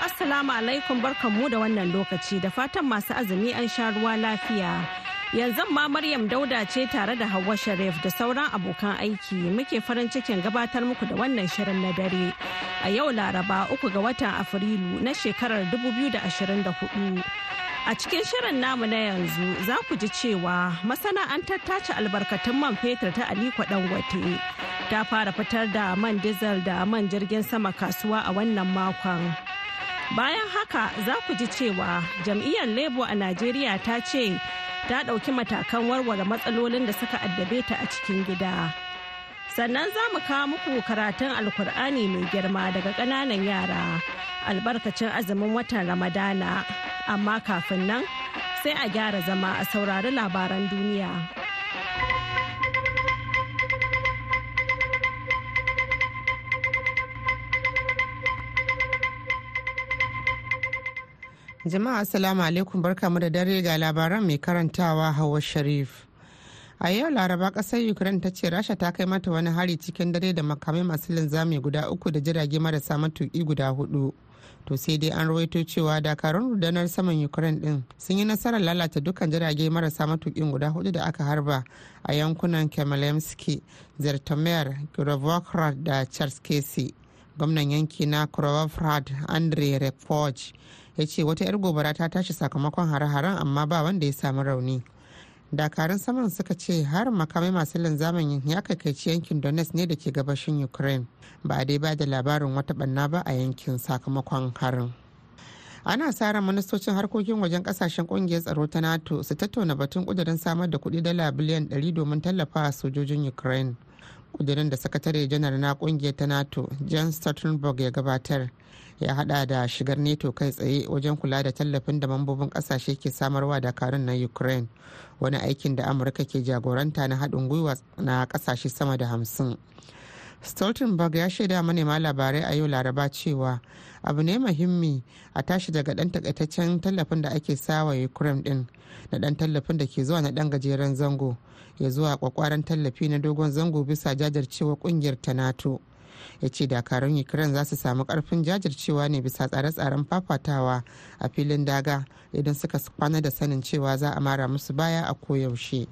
Assalamu alaikum mu da wannan lokaci da fatan masu azumi an sha ruwa lafiya. Yanzu ma Maryam Dauda ce tare da Hauwa Sharif da sauran abokan aiki muke farin cikin gabatar muku da wannan shirin na dare. A yau Laraba uku ga watan Afrilu na shekarar 2024. A cikin shirin namu na yanzu za ku ji cewa masana'antar tace albarkatun man fetur ta Aliko Dangote ta fara fitar da man dizal da man jirgin sama kasuwa a wannan makon. bayan haka za ku ji cewa jam'iyyar labour a najeriya ta ce ta ɗauki matakan warware matsalolin da suka addabe ta a cikin gida sannan za mu kawo muku karatun alkur'ani mai girma daga ƙananan yara albarkacin azumin watan ramadana amma kafin nan sai a gyara zama a saurari labaran duniya. Jama'a Assalamu alaikum barkamu da dare ga labaran mai karantawa Hawa Sharif. A yau Laraba kasar Ukraine ta ce Rasha ta kai mata wani hari cikin dare da makamai masu linzami guda uku da jirage marasa matuƙi guda hudu. to sai dai an rawaito cewa dakarun rudanar saman ukraine din sun yi nasarar lalata dukkan jirage marasa matukin guda hudu da aka harba a yankunan kemalemski zertomer grovokra da charles casey gwamnan yanki na kirovograd andre repoge ya ce wata 'yar gobara ta tashi sakamakon hare-haren amma ba wanda ya samu rauni dakarun saman suka ce harin makamai masu linzamin ya kaikaici yankin donetsk ne da ke gabashin ukraine ba a dai ba da labarin wata banna ba a yankin sakamakon harin ana sa ran ministocin harkokin wajen kasashen kungiyar tsaro ta nato su tattauna batun kudirin samar da kudi dala biliyan 100 domin tallafa sojojin ukraine kudirin da sakatare janar na kungiyar ta nato jan stoltenberg ya gabatar ya hada da shigar neto kai tsaye wajen kula da tallafin da mambobin kasashe ke samarwa da dakarun na ukraine wani aikin da amurka ke jagoranta na haɗin gwiwa na kasashe sama da hamsin stoltenberg ya shaida manema labarai a yau laraba cewa abu ne muhimmi a tashi daga dan takaitaccen tallafin da ake sawa ukraine din na dan tallafin da ke zuwa na dan gajeren zango ya zuwa kwakwaran tallafi na dogon zango bisa jajircewa kungiyar ta nato ya ce dakarun ukraine za su samu karfin jajircewa ne bisa tsare-tsaren fafatawa a filin daga idan suka kwana da sanin cewa za a mara musu baya a koyaushe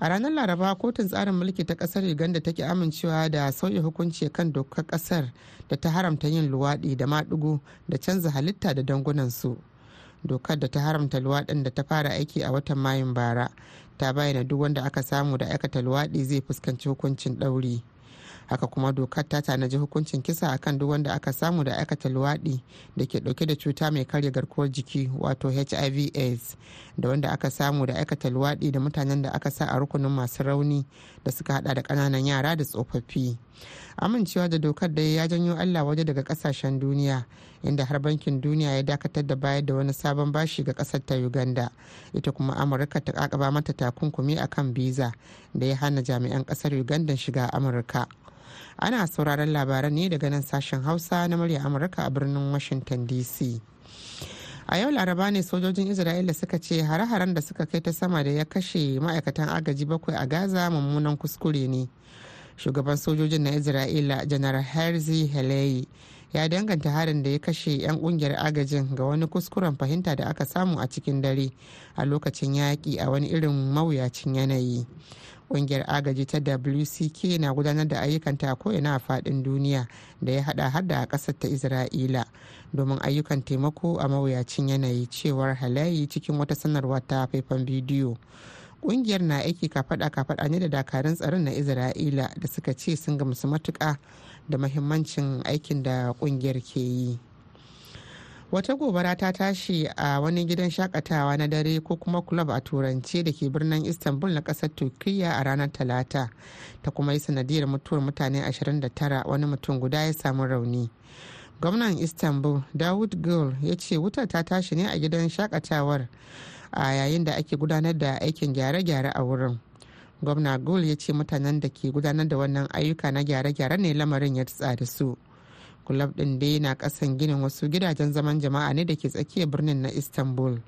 a ranar laraba kotun tsarin mulki ta kasar uganda take amincewa da sauya hukunci kan dokar kasar da ta haramta yin luwaɗi da maɗigo da canza halitta da dangunansu dokar da ta haramta luwaɗin da ta fara aiki a watan mayun bara ta bayyana duk wanda aka samu da aikata luwaɗi zai fuskanci hukuncin ɗauri haka kuma dokar ta tanaji hukuncin kisa akan duk wanda aka samu da aikata luwaɗi da ke ɗauke da cuta mai karya garkuwar jiki wato hiv aids da wanda aka samu da aikata luwaɗi da mutanen da aka sa a rukunin masu rauni da suka hada da ƙananan yara da tsofaffi amincewa da dokar da ya janyo allah waje daga ƙasashen duniya inda har bankin duniya ya dakatar da bayar da wani sabon bashi ga ƙasar ta uganda ita kuma amurka ta kakaba mata takunkumi akan biza da ya hana jami'an ƙasar uganda shiga amurka ana sauraron labaran ne daga nan sashen hausa na murya amurka a birnin washington dc a yau laraba ne sojojin isra'ila suka ce hare-haren da suka kai ta sama da ya kashe ma'aikatan agaji bakwai a gaza mummunan kuskure ne shugaban sojojin na isra'ila janar herzi helayi ya danganta harin da ya kashe 'yan kungiyar agajin ga wani kuskuren fahimta da aka samu a cikin dare a lokacin yaƙi a wani irin mawuyacin yanayi kungiyar agaji ta wck na gudanar da ayyukanta ko'ina a fadin duniya da ya hada hada a kasar ta isra'ila domin ayyukan taimako a mawuyacin yanayi cewar halayi cikin wata sanarwa ta faifan bidiyo kungiyar na aiki kafada kafada ne da dakarun tsaron na isra'ila da suka ce sun gamsu matuka da mahimmancin aikin da kungiyar ke yi wata gobara ta tashi a wani gidan shakatawa na dare ko kuma club a turance da ke birnin istanbul na kasar turkiya a ranar talata ta kuma yi sanadiyar mutuwar mutane 29 wani mutum guda ya samu rauni gwamnan istanbul dawud gul ya ce wutar ta tashi ne a gidan shakatawar a yayin da ake gudanar da aikin gyare-gyare a wurin gwamna gul ya ce mutanen da ke gudanar da wannan ayyuka na gyare-gyare ne lamarin ya tsari su kulab din dai na kasan ginin wasu gidajen zaman jama'a ne da ke tsakiyar birnin na istanbul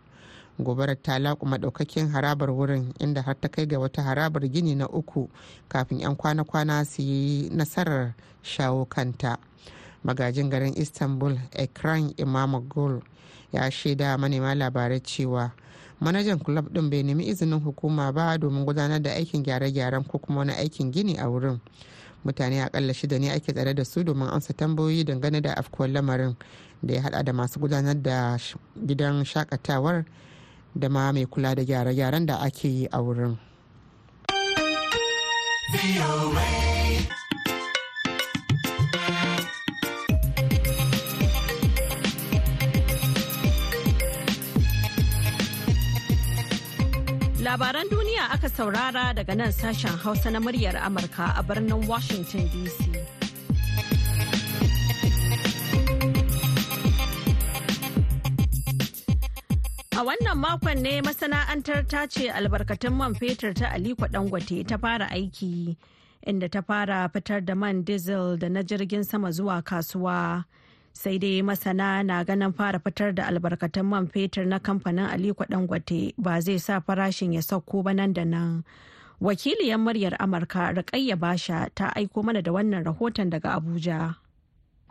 gobarar ta laƙuma ɗaukakin harabar wurin inda har ta kai ga wata harabar gini na uku kafin 'yan kwana-kwana su yi nasarar shawo kanta magajin garin istanbul ekran imamogul ya shaida manema labarai cewa manajan kulab din bai nemi izinin hukuma ba domin gudanar da aikin gyare-gyaren ko kuma wani aikin gini a wurin mutane akalla shida ne ake tsare da su domin amsa tambayoyi dangane da afkuwar lamarin da ya hada da masu gudanar da gidan shakatawar da ma mai kula da gyare-gyaren da ake yi a wurin. Labaran aka saurara daga nan sashen Hausa na muryar Amurka a birnin Washington DC. A wannan makon ne masana'antar ta ce albarkatun man fetur ta Aliko Dangote ta fara aiki inda ta fara fitar da man diesel da na jirgin sama zuwa kasuwa. sai dai masana na ganin fara fitar da albarkatun man fetur na kamfanin aliko dangote ba zai sa farashin ya sauko ba nan da nan wakiliyar muryar amurka rikayya basha ta aiko mana da wannan rahoton daga abuja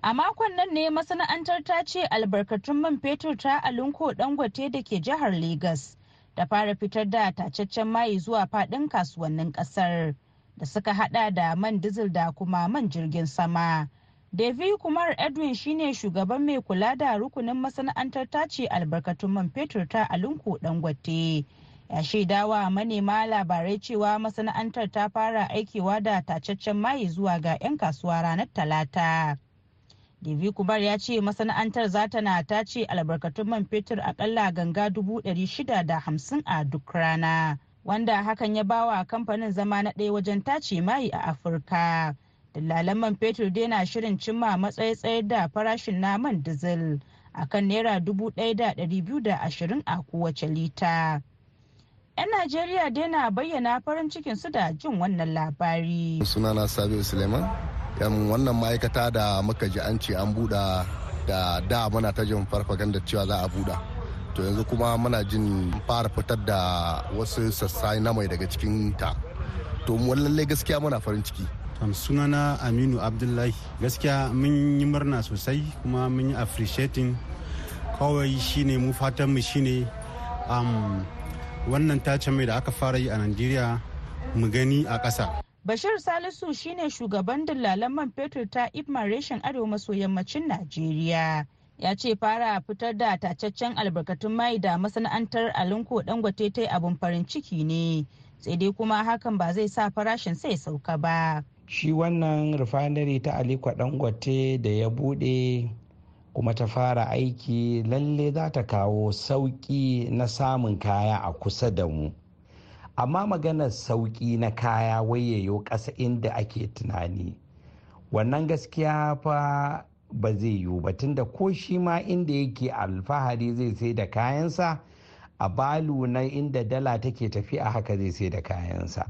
A makon nan ne masana'antar ta ce albarkatun man fetur ta Alunko Dangote da ke jihar Legas da fara fitar da tacaccen mayi zuwa fadin kasuwannin kasar da suka hada da man dizil da kuma man jirgin sama Devi Kumar Edwin shine shugaban mai kula da rukunin masana'antar tace albarkatun man fetur ta Alunku Dangote. Ya shaidawa manema labarai cewa masana'antar ta fara aikewa da tacaccen maye zuwa ga 'yan kasuwa ranar Talata. Devi Kumar ya ce masana'antar za ta na tace albarkatun man fetur akalla ganga 650 a duk rana, wanda hakan ya bawa kamfanin zama na ɗaya wajen tace maye a Afirka. Dillalan man fetur dai na shirin cimma matsayi da farashin naman man a kan Naira 1,220 a kowace lita. 'Yan Najeriya dai na bayyana farin cikin su da jin wannan labari. Sunana Sabiu Suleiman, yan wannan ma'aikata da muka ji an ce an buɗa da da muna ta jin da cewa za a buɗa. to yanzu kuma muna jin fara fitar da wasu sassa na mai daga cikin ta to lallai gaskiya muna farin ciki sunana aminu abdullahi gaskiya mun yi murna sosai kuma mun yi appreciating kawai shine mu fatanmu shine wannan tace mai da aka fara yi a nigeria mu gani a kasa. bashir salisu shine shugaban dillalan man fetur ta ibma reshen arewa maso yammacin nigeria ya ce fara fitar da tacaccen albarkatun mai da masana'antar alinko dangote ta abun farin ciki ne sai dai kuma hakan ba zai sa farashin sai sauka ba shi wannan refinery ta aliko dangote da ya bude kuma ta fara aiki lalle za ta kawo sauƙi na samun kaya a kusa da mu amma maganar sauƙi na kaya wayayo ƙasa inda ake tunani wannan gaskiya fa ba zai yiwu ba tunda ko shi ma inda yake alfahari zai sai da kayansa a balu na inda dala take tafiya haka zai sai da kayansa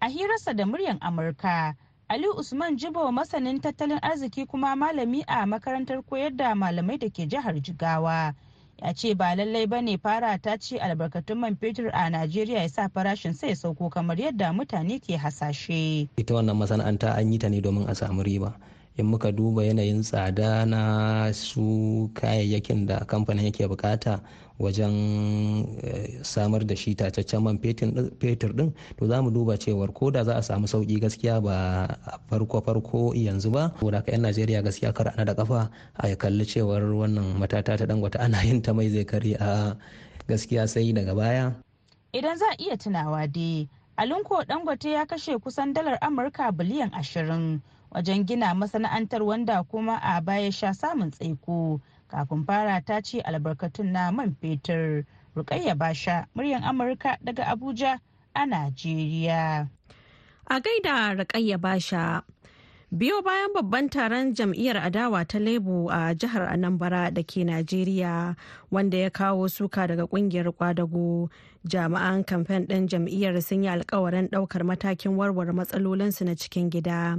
a hirarsa da muryar amurka Ali Usman Jibo masanin tattalin arziki kuma malami a makarantar koyar da malamai da ke jihar Jigawa. Ya ce ba lallai ba ne fara ta ce albarkatun man fetur a Najeriya ya sa farashin sai sauko kamar yadda mutane ke hasashe. Ita wannan masana'anta an yi ta ne domin a samu riba. in muka duba yanayin tsada na su kayayyakin da kamfanin yake bukata wajen eh, samar da shi tacaccen man fetur din to za mu duba cewar ko da za a samu sauki gaskiya ba farko farko yanzu ba ko da yan najeriya gaskiya kar ana da kafa a kalli cewar wannan matata ta dangwata ana yin ta mai zai kare a gaskiya sai daga baya idan za a iya tunawa dai alunko dangote ya kashe kusan dalar amurka biliyan ashirin wajen gina masana'antar wanda kuma a baya sha samun tsaiko kafin fara ta ce albarkatun na man fetur rukayya basha muryan amurka daga abuja a najeriya a gaida rukayya basha biyo bayan babban taron jam'iyyar adawa ta lebo a jihar anambra da ke najeriya wanda ya kawo suka daga kungiyar kwadago jami'an kamfen ɗin jam'iyyar sun yi alkawarin ɗaukar matakin warware matsalolinsu na cikin gida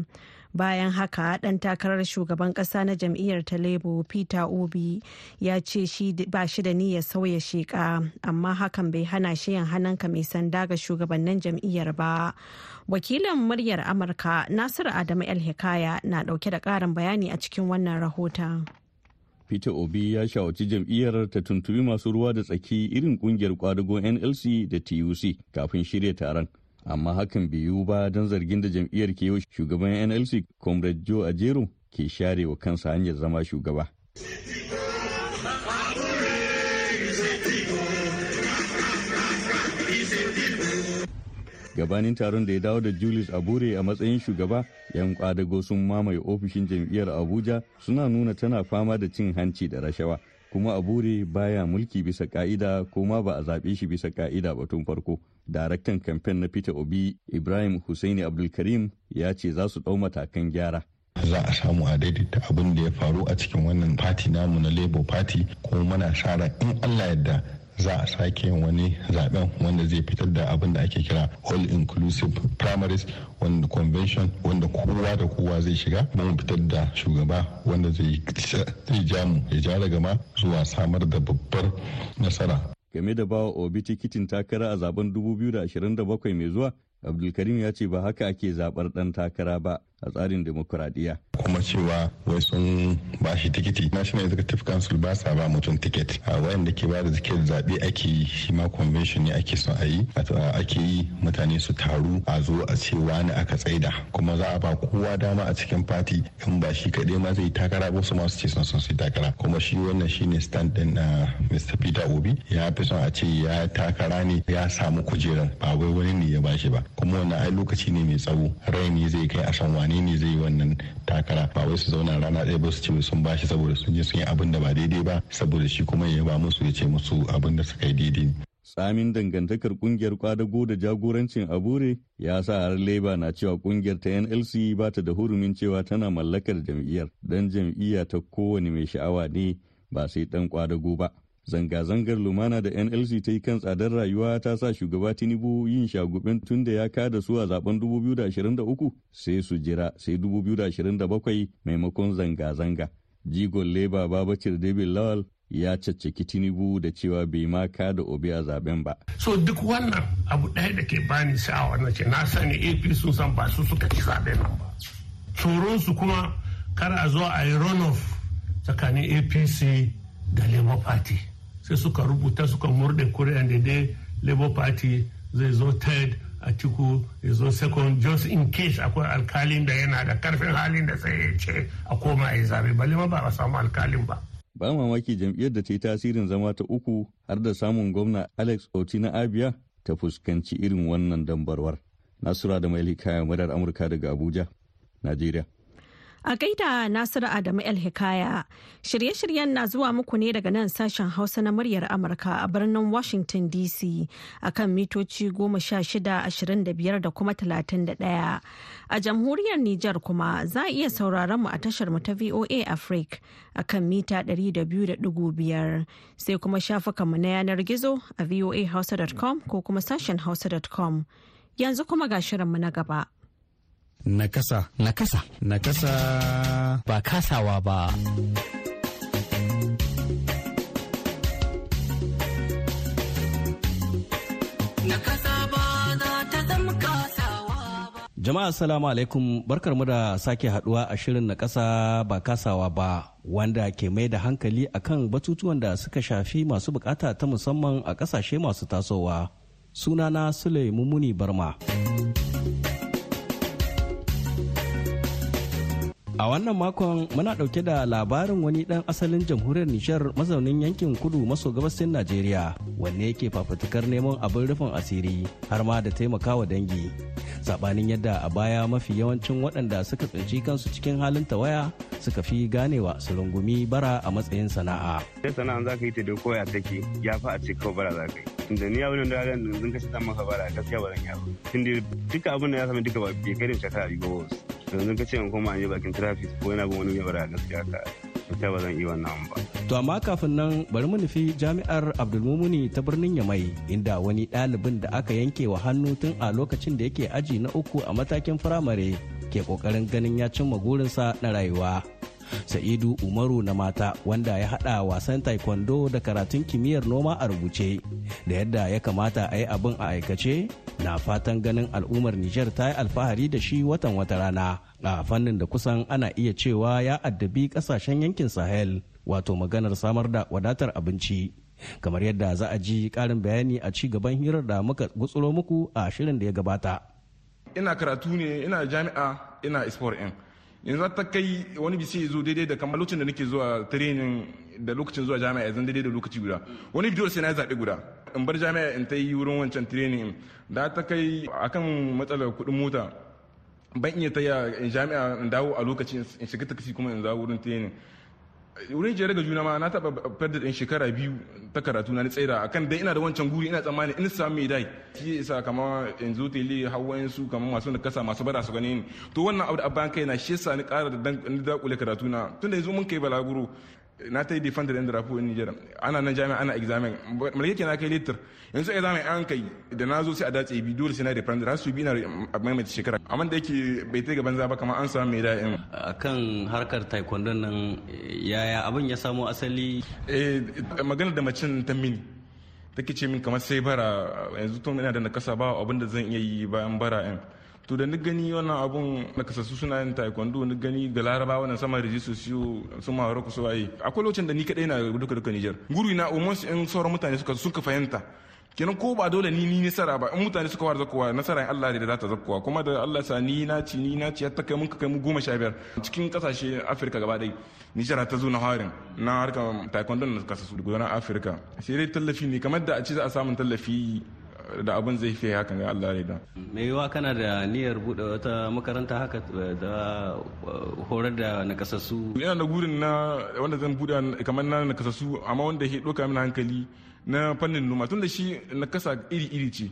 bayan haka ɗan takarar shugaban ƙasa na jam'iyyar ta lebo peter obi ya ce shi ba shi da niyyar sauya sheƙa amma hakan bai hana shi yin hannunka mai sanda ga shugabannin jam'iyyar ba wakilin muryar amurka nasiru adamu el hikaya na ɗauke da ƙarin bayani a cikin wannan rahoton Peter Obi ya shawarci jam'iyyar ta tuntubi masu ruwa da tsaki irin kungiyar kwadagon NLC da TUC kafin shirya taron. amma hakan bai yiwu ba don zargin da jam'iyyar ke yau shugaban nlc comrade joe ajero ke share wa kansa hanyar zama shugaba gabanin taron da ya dawo da julius abure a matsayin shugaba yan kwadago sun mamaye ofishin jam'iyyar abuja suna nuna tana fama da cin hanci da rashawa kuma abure baya mulki bisa ka'ida ko ma ba a zaɓe shi bisa ka'ida ba tun farko daraktan kamfen na peter obi ibrahim hussaini abdulkarim ya ce za su ɗau matakan gyara za a samu a daidaita abin da ya faru a cikin wannan fati namu na labour party kuma muna shara in allah yadda za a sake wani zaben wanda zai fitar da abin da ake kira all inclusive primaries wanda convention wanda kowa da kowa zai shiga mun fitar da shugaba wanda zai ja mu ya ja gama zuwa samar da babbar nasara game da bawa obi tikitin takara a zaben 2027 mai zuwa abdulkarim ya ce ba haka ake zabar dan takara ba a tsarin demokuraɗiyya. kuma cewa wai sun ba shi tikiti national executive council ba sa ba mutum tiket a wayan da ke ba da tiket zaɓe ake yi shi ma convention ne ake son a yi ake yi mutane su taru a zo a ce wani aka tsaida kuma za a ba kowa dama a cikin fati in ba shi kaɗai ma zai takara ba su masu ce son son su takara kuma shi wannan shine stand din na Mr Peter Obi ya fi son a ce ya takara ne ya samu kujerar ba wai wani ne ya ba shi ba kuma wannan ai lokaci ne mai tsawo rai ne zai kai a san wani wane ne zai yi wannan takara ba wai su zauna rana ɗaya ba su ce sun bashi saboda sun je sun yi abin da ba daidai ba saboda shi kuma ya ba musu ya ce musu abin da suka yi daidai tsamin dangantakar kungiyar kwadago da jagorancin abure ya sa har leba na cewa kungiyar ta nlc ba ta da hurumin cewa tana mallakar jam'iyyar dan jam'iyya ta kowane mai sha'awa ne ba sai dan kwadago ba zanga-zangar lumana da nlc ta yi kan tsadar rayuwa ta sa shugaba tinubu yin shagubin tun da ya kada su a zaben 2023 sai su jira sai 2027 maimakon zanga-zanga jigon leba babacir david lawal ya caccaki tinubu da cewa bai ma kada obi a zaben ba. so duk wannan abu ɗaya da ke bani sha'awa na ce na sani ap sun san ba su suka ci zaben nan ba tsoron su kuma kar a zo a yi runoff tsakanin apc da labour party sai suka rubuta suka murɗe kuri'an da dai labour party zai zo third a ciku ya zo second just in case akwai alkalin da yana da karfin halin da sai ya ce a koma a yi zabe bali ma ba a samu alkalin ba ba mamaki jam'iyyar da ta yi tasirin zama ta uku har da samun gwamna alex oti na abia ta fuskanci irin wannan dambarwar nasura da mai kayan murar amurka daga abuja najeriya A gaida Nasiru Adamu El Hikaya, shirye-shiryen na zuwa muku ne daga nan sashen Hausa na muryar Amurka a birnin Washington DC a kan mitoci goma sha shida ashirin da biyar da kuma talatin da ɗaya. A jamhuriyar Nijar kuma za a iya sauraron mu a tashar mu ta VOA Africa kan mita ɗari da biyu da biyar. Sai kuma shafukanmu na yanar gizo a voahausa.com ko kuma sashen hausa.com. Yanzu kuma ga shirinmu na gaba. Nakasa. Nakasa. Nakasa. Ba kasawa ba. Jama'a salamu alaikum barkar mu da sake haduwa a shirin na kasa ba kasawa ba wanda ke mai da hankali akan batutuwan da suka shafi masu bukata ta musamman a kasashe masu tasowa. Sunana Sule Mumuni Barma. A wannan makon muna ɗauke da labarin wani ɗan asalin jamhuriyar Nijar mazaunin yankin kudu maso gabasin Najeriya wanne yake fafutukar neman abin rufin asiri har ma da taimakawa dangi. Saɓanin yadda a baya mafi yawancin waɗanda suka tsinci kansu cikin halin tawaya suka fi ganewa su rungumi bara a matsayin sana'a. Sai sana'a za ka yi ta da koya take ya fa a ce kawai bara za ka yi. tunda ni abin da ran yanzu kashe ta maka bara gaskiya ba zan yi abu tunda duka abin da ya sami duka ba bai kai da shekara biyu ba wasu yanzu ka ce in koma in yi bakin traffic ko yana wani bara gaskiya ka gaskiya ba zan yi wannan ba. To amma kafin nan bari mu nufi jami'ar Abdulmumuni ta birnin Yamai inda wani ɗalibin da aka yanke wa hannu tun a lokacin da yake aji na uku a matakin firamare ke ƙoƙarin ganin ya cimma gurinsa na rayuwa. Sa'idu Umaru na mata wanda ya haɗa wasan taekwondo da karatun kimiyyar noma a rubuce da yadda ya kamata a yi abin a aikace na fatan ganin al'ummar Nijar ta yi alfahari da shi watan wata rana a fannin da kusan ana iya cewa ya addabi kasashen yankin Sahel wato maganar samar da wadatar abinci. Kamar yadda za a ji karin bayani a ci gaban hirar da muka gutsuro muku a shirin da ya gabata. Ina karatu ne, ina jami'a, ina sport yanzu ta kai wani bisi ya zo daidai da kamar lokacin da nake zuwa training da lokacin zuwa jami'a yanzu daidai da lokaci guda wani bidiyo sai na zaɓi guda in bar jami'a in ta yi wurin wancan training da ta kai akan matsalar kuɗin mota ban iya ta yi jami'a in dawo a lokacin in shiga takasi kuma in za wurin training wurin jere ga juna ma na taba fadda din shekara biyu ta karatu na a akan dai ina da wancan guri ina tsammani in samu mai dai shi isa kama yanzu tele hawayen su kama masu da kasa masu bada su gani to wannan abu da abban kai na shi yasa ni ƙara da dan dakule karatu na tunda yanzu mun kai balaguro na ta yi defender ɗin drapo in nigeria ana nan jami'a ana examen malaki ke na kai litir yanzu examen an kai da na zo sai a dace bi dole sai na defender har su bi na a maimaita shekara amma da yake bai ta gaban ba kamar an samu mai da'in kan harkar taekwondo nan yaya abin ya samo asali eh magana da macin ta mini take ce min kamar sai bara yanzu to ina da nakasa ba abin da zan iya yi bayan bara in to da ni gani wannan abun na kasassu suna yin taekwondo ni gani ga laraba wannan sama da jisu siyo sun maharo kusa suwaye akwai lokacin da ni kadai na duka duka Niger guri na almost in sauran mutane suka suka fahimta kenan ko ba dole ni ni nasara ba in mutane suka fara zakkowa nasara in Allah da za ta zakkowa kuma da Allah sa ni na ci ni na ci ta kai mun ka kai mu goma sha biyar cikin kasashe Afirka gaba dai Nijar ta zo na harin na harkar taekwondo na kasasu gudanar Afirka sai dai tallafi ne kamar da a ci za a samun tallafi da abin zai fiye hakan ga Allah da. Me yiwa kana da niyyar buɗe wata makaranta haka eh, da eh, horar da nakasassu. Ina da gurin na wanda zan buɗe kamar na nakasassu amma wanda ya ɗauka min hankali na fannin noma tunda shi nakasa iri-iri ce.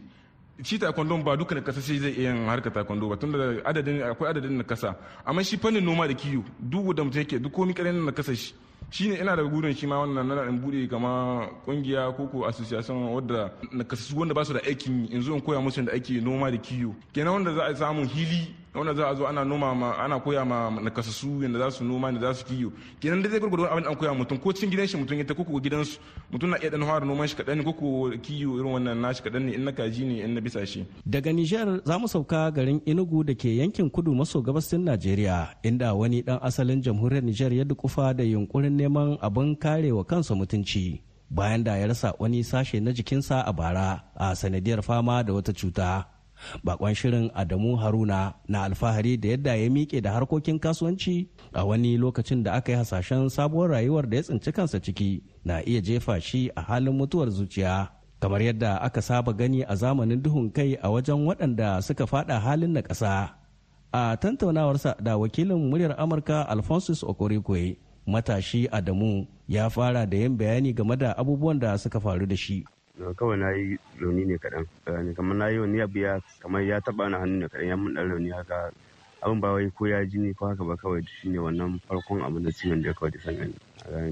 shi taekwondo ba duka na kasa sai zai iya yin harkar taekwondo ba tunda adadin akwai adadin na kasa amma shi fannin noma da kiyo duk da mutum yake duk komi ƙarfin na kasa shi shine ina da gurin shi ma wannan na in bude kama kungiya ko ko association wadda nakasassu wanda ba su da aikin in zo in koya musu da ake noma da kiyo kenan wanda za a samu hili wanda za a zo ana noma ma ana koya ma nakasassu yanda za su noma da za su kiyo kenan da zai wani abin an koya mutum ko cin gidan shi mutum ya ta koko gidansu mutum na iya dan fara noman shi kadan koko kiyo irin wannan nashi kadan ne in na kaji ne in na bisa shi daga Niger za mu sauka garin Enugu da ke yankin kudu maso gabasin Najeriya inda wani dan asalin jamhuriyar Niger ya dukufa da yunkurin neman abin karewa kansa mutunci bayan da ya rasa wani sashe na jikinsa a bara a sanadiyar fama da wata cuta bakon shirin adamu haruna na alfahari da yadda ya miƙe da harkokin kasuwanci a wani lokacin da aka yi hasashen sabuwar rayuwar da ya tsinci kansa ciki na iya jefa shi a halin mutuwar zuciya kamar yadda aka saba gani a zamanin duhun kai a wajen waɗanda suka fada halin na ƙasa a tantaunawarsa da wakilin muryar amurka alphonsus okorikwe matashi adamu ya fara da yin bayani game da abubuwan da suka faru da shi kawai na yi rauni ne kaɗan kamar na yi wani abu ya kamar ya taɓa na hannu ne kaɗan ya mun ɗan rauni haka abin ba wai ko ya ji ne ko haka ba kawai shi ne wannan farkon abin da ciwon da kawai da san gani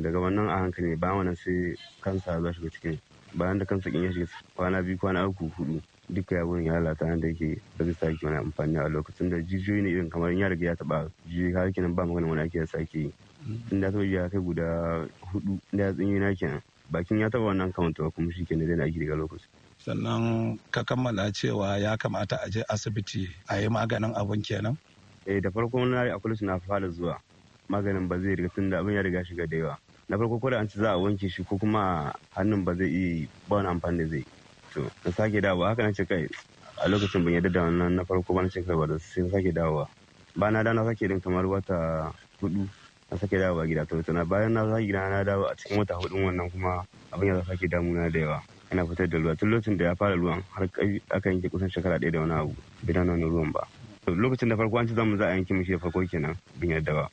daga wannan a hankali ba wani sai kansa za shiga cikin bayan da kansa kin ya shiga kwana biyu kwana uku hudu duka ya wurin ya lalata da yake da zai sake wani amfani a lokacin da jijiyoyi ne irin kamar ya riga ya taba jijiyoyi har kenan ba magana wani ake ya sake yi tun da ya kai guda hudu da ya yi na kenan bakin ya taba wannan kawanta ba kuma shi ke na daina aiki daga lokacin sannan ka kammala cewa ya kamata a je asibiti a yi maganin abun kenan eh da farko na yi akulus na fara zuwa maganin ba zai riga tun da abin ya riga shiga da yawa na farko ko da an ci za a wanke shi ko kuma hannun ba zai iya ba wani amfani da zai to na sake dawo haka na ce kai a lokacin ban yadda da wannan na farko ba na ce kai ba da sai na sake dawo ba na da na sake din kamar wata hudu na sake dawowa gida to tana bayan na sake gida na dawo a cikin wata hudun wannan kuma abin ya sake damuna da yawa yana fitar da ruwa tun lokacin da ya fara ruwan har aka yanke kusan shekara ɗaya da wani abu bai na wani ruwan ba lokacin da farko an ci zamu za a yanke mishi da farko kenan bin yadda ba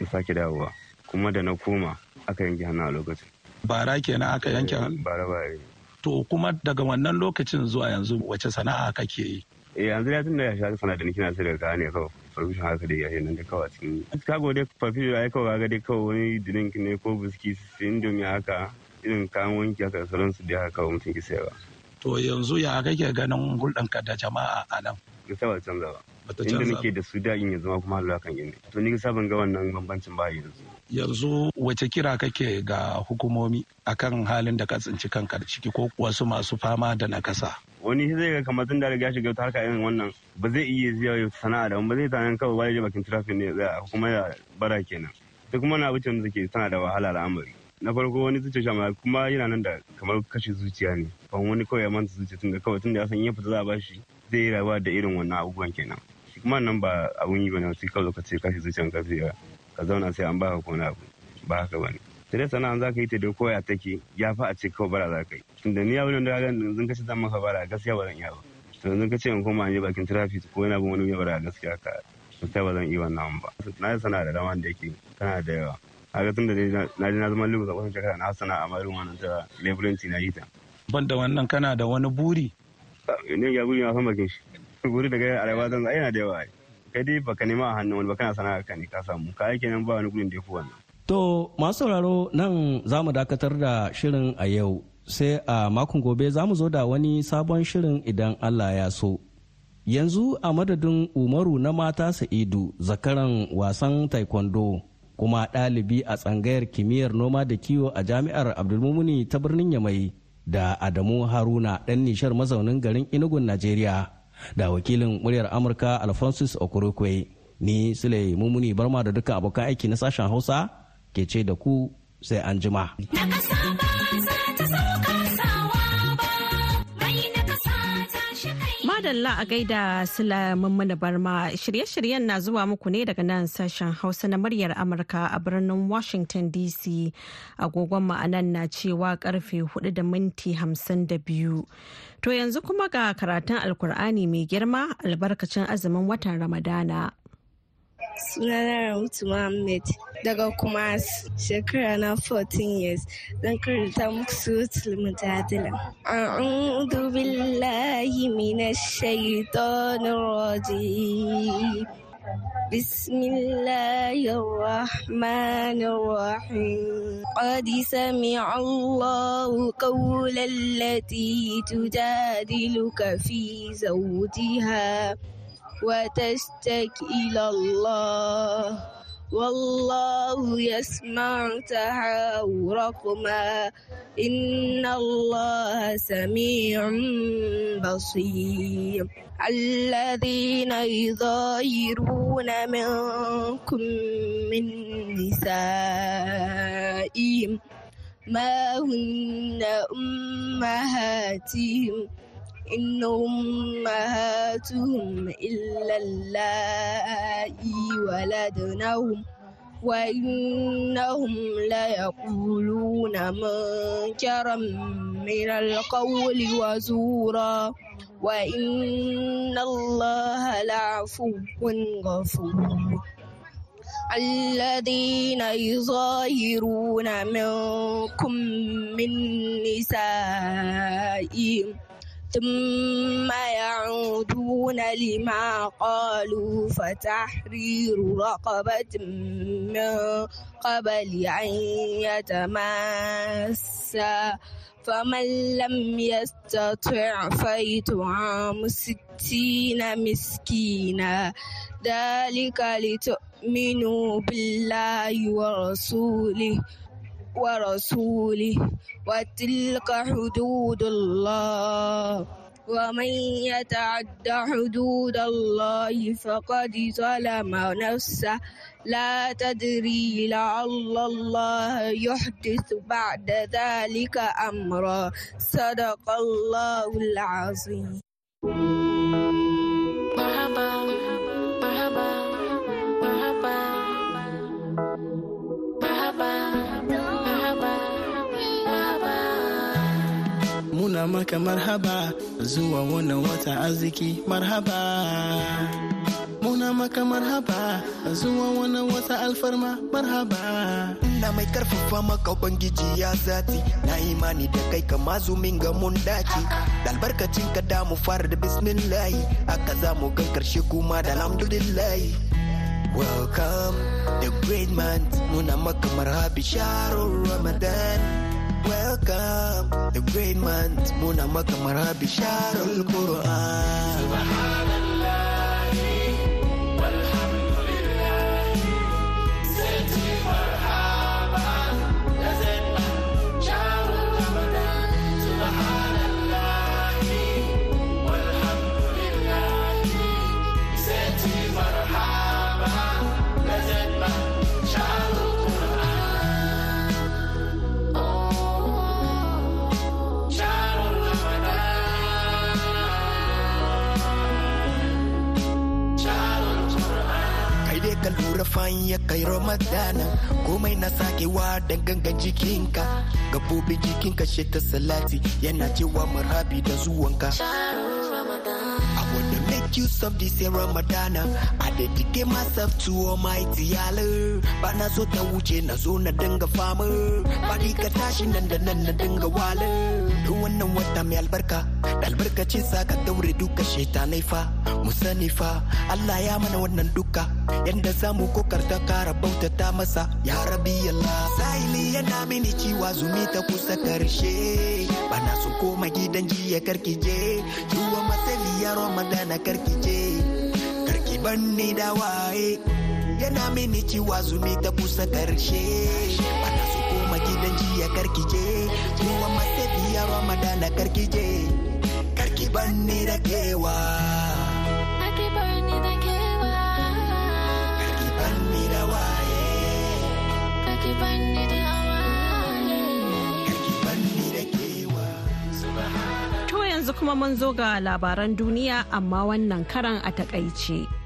na sake dawowa kuma da na koma aka yanke hannu a lokacin bara kenan aka yanke hannu eh, bara bara to kuma daga wannan lokacin zuwa yanzu wace sana'a kake yi eh yanzu ya tunda ya shi sana da nake sai daga ne kawai farfishin haka dai ya nan da kawai cikin kago ka farfishin ai kawai ga dai kawai wani drink ne ko biski indomi haka irin kayan wanki haka sauransu su haka kawai mutum ki sayarwa to yanzu ya kake ganin hulɗanka da jama'a a nan ba canza ba inda nake da su da in yanzu ma kuma halwa kan inda to ni ban ga wannan bambancin ba yanzu yanzu wace kira kake ga hukumomi akan halin da ka tsinci kanka ciki ko wasu masu fama da nakasa wani zai ga kamar tun da riga shiga ta harka irin wannan ba zai iya zuwa sana'a da ba zai tanan kawai bayan bakin traffic ne ya kuma ya bara kenan duk kuma na wuce da tana da wahala al'amari na farko wani zuciya shama kuma yana nan da kamar kashe zuciya ne ban wani kawai ya manta zuciya tun da kawai tun da ya san ya fita za a bashi zai yi rayuwa da irin wannan abubuwan kenan kuma nan ba abun yi bane wasu kawai ka ce kashi zuciyan ka ka zauna sai an baka ka kona abu ba haka bane sai sana'an za ka yi ta doko koya take ya fa a ce kawai bara za ka yi tunda ni abin da ga yanzu ka ce zan maka bara gaskiya ba zan iya ba to yanzu ka ce in koma je bakin traffic ko yana bin wani mai bara gaskiya ka gaskiya ba zan iya wannan ba na yi sana'a da dama da yake tana da yawa a ga tunda na ji na zama lugu zaɓen shekara na sana'a amma irin wani ta lebulanci na yi ta. ban da wannan kana da wani buri. Ah, ne ya buri ma san bakin shi. guri daga arewa zan yana da yawa kai dai baka nema a hannun wani baka na sana'a ka ne ka samu ka aiki nan ba wani gudun da ya fi wannan. to masu sauraro nan za mu dakatar da shirin a yau sai a makon gobe za mu zo da wani sabon shirin idan allah ya so yanzu a madadin umaru na mata sa'idu zakaran wasan taekwondo kuma ɗalibi a tsangayar kimiyyar noma da kiwo a jami'ar abdulmumuni ta birnin yamai da adamu haruna ɗan nishar mazaunin garin inugun najeriya da wakilin muryar amurka alphonsus okurukwe ni sule mumuni barma da duka abokan aiki na sashen hausa ke ce da ku sai an jima. Na Allah a gaida sulamin mana barma shirye-shiryen na zuwa muku ne daga nan sashen hausa na muryar amurka a birnin washington dc agogon ma'anan na cewa karfe 4 da minti 52 to yanzu kuma ga karatun alkur'ani mai girma albarkacin azumin watan ramadana sunana Rahutu Muhammad daga Kumasi shekara na 14 years zan karanta muku suratul mujadila a'udhu billahi minash shaitanir rajim بسم الله الرحمن الرحيم قد سمع الله قول التي تجادلك في زوجها وتشتكي إلى الله والله يسمع تحاوركما إن الله سميع بصير الذين يظاهرون منكم من نسائهم ما هن أمهاتهم إن أمهاتهم إلا اللائي ولدنهم وإنهم ليقولون منكرا من القول وزورا وإن الله لعفو غفور الذين يظاهرون منكم من نسائهم ثم يعودون لما قالوا فتحرير رقبة من قبل أن يتماسا فمن لم يستطع فيطعم ستين مسكينا ذلك لتؤمنوا بالله ورسوله ورسوله وتلك حدود الله ومن يتعد حدود الله فقد ظلم نفسه لا تدري لعل الله يحدث بعد ذلك أمرا صدق الله العظيم maka marhaba zuwa wannan wata arziki marhaba muna maka marhaba zuwa wannan wata alfarma marhaba na mai karfafa maka ubangiji ya zati na imani da kai ka mazumin ga mun daki da albarkacin ka da mu fara da bismillahi aka za mu gan karshe kuma da alhamdulillahi welcome the great man muna maka marhabi sharon ramadan makam the great man muna maka mara bisharul Qur'an bayan ya kai ramadana komai na sakewa da gangan jikinka gabobin jikinka shi ta salati yana cewa marabi da zuwanka use of this year Ramadana. I dedicate myself to Almighty Allah. Bana so ta wuce na zo na dinga fama. Bari ka tashi nan da nan na dinga wala. Duk wannan wata mai albarka albarkacin sa ka daure duka shetanai fa mu sani fa Allah ya mana wannan duka yanda za mu kokarta kara bautata masa ya rabi Allah sahili yana mini ciwa zumi ta kusa karshe bana su koma gidan jiya karkije juwa masali ya ramadana karkije karki banni da waye yana mini ciwa zumi ta kusa karshe bana su koma gidan jiya karkije juwa masali ya ramadana karkije banni da kewa To yanzu kuma mun zo ga labaran duniya amma wannan karan a takaice.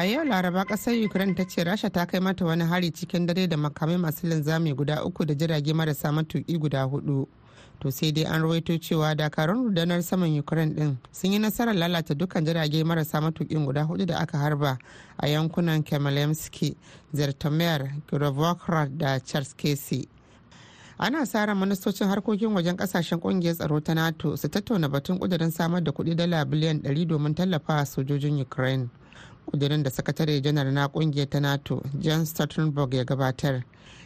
a yau laraba kasar ukraine ta ce rasha ta kai mata wani hari cikin dare da makamai masu linzami guda uku da jirage marasa matuki guda hudu to sai dai an rawaito cewa dakarun rudanar saman ukraine din sun yi nasarar lalata dukkan jirage marasa matukin guda hudu da aka harba a yankunan kemalemski zertomer grovokra da charskesi ana sa ran ministocin harkokin wajen kasashen kungiyar tsaro ta nato su tattauna batun kudirin samar da kudi dala biliyan 100 domin tallafa sojojin ukraine kudirin da sakatare janar na kungiyar ta nato jan stoltenberg ya gabatar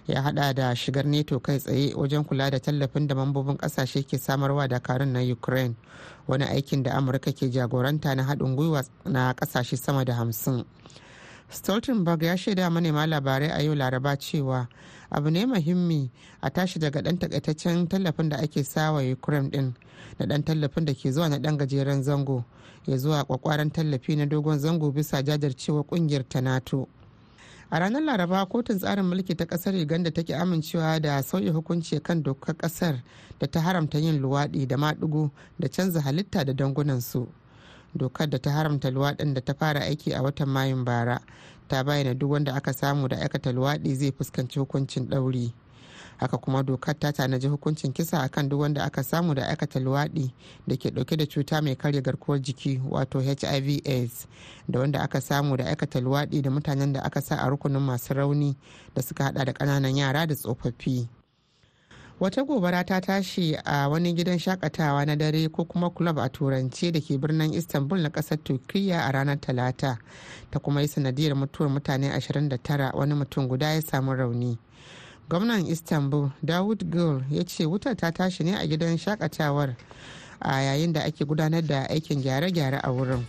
ya hada da shigar neto kai tsaye wajen kula da tallafin da mambobin kasashe ke samarwa dakarun na ukraine wani aikin da amurka ke jagoranta na haɗin gwiwa na kasashe sama da hamsin stoltenberg ya shaida manema labarai a yau laraba cewa abu ne muhimmi a tashi daga dan takaitaccen tallafin da ake sawa ukraine din na dan tallafin da ke zuwa na dan gajeren zango ya zuwa kwakwaran tallafi na dogon zango bisa jajircewa kungiyar ta nato a ranar laraba kotun tsarin mulki ta kasar uganda take amincewa da sauya hukunci kan dokar kasar da ta haramta yin luwaɗi da maɗigo da canza halitta da dangunansu dokar da ta haramta luwaɗin da ta fara aiki a watan mayun bara ta bayyana duk wanda aka samu da aikata luwaɗi zai fuskanci hukuncin ɗauri haka kuma dokar ta tanaji hukuncin kisa akan duk wanda aka samu da aikata luwaɗi da ke ɗauke da cuta mai karya garkuwar jiki wato hiv aids da wanda aka samu da aikata luwaɗi da mutanen da aka sa a rukunin masu rauni da suka hada da ƙananan yara da tsofaffi wata gobara ta tashi a wani gidan shakatawa na dare ko kuma club a turance da ke birnin istanbul na kasar turkiya a ranar talata ta kuma yi sanadiyar mutuwar mutane 29 wani mutum guda ya samu rauni gwamnan istanbul dawud gul ya ce wutar ta tashi ne a gidan shakatawar a yayin da ake gudanar da aikin gyare-gyare a wurin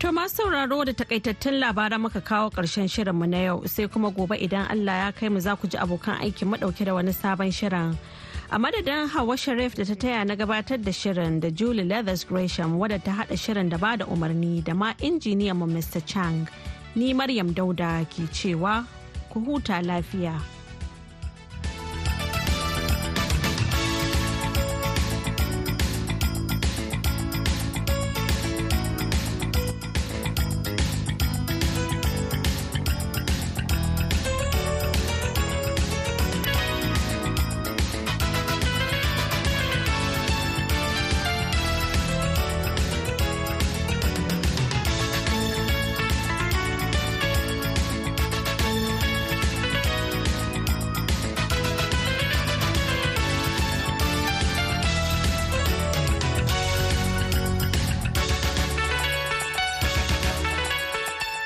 To masu sauraro da takaitattun labaran muka kawo ƙarshen shirinmu na yau sai kuma gobe idan Allah ya kai mu za ku ji abokan aiki madauke da wani sabon shirin. A madadin Hawa Sharif da ta taya na gabatar da shirin da Julie Leathers Gresham wadda ta hada shirin da ba da umarni da ma injiniyan injiniyanmu Mr. Chang. Ni Maryam Dauda ke cewa ku huta lafiya.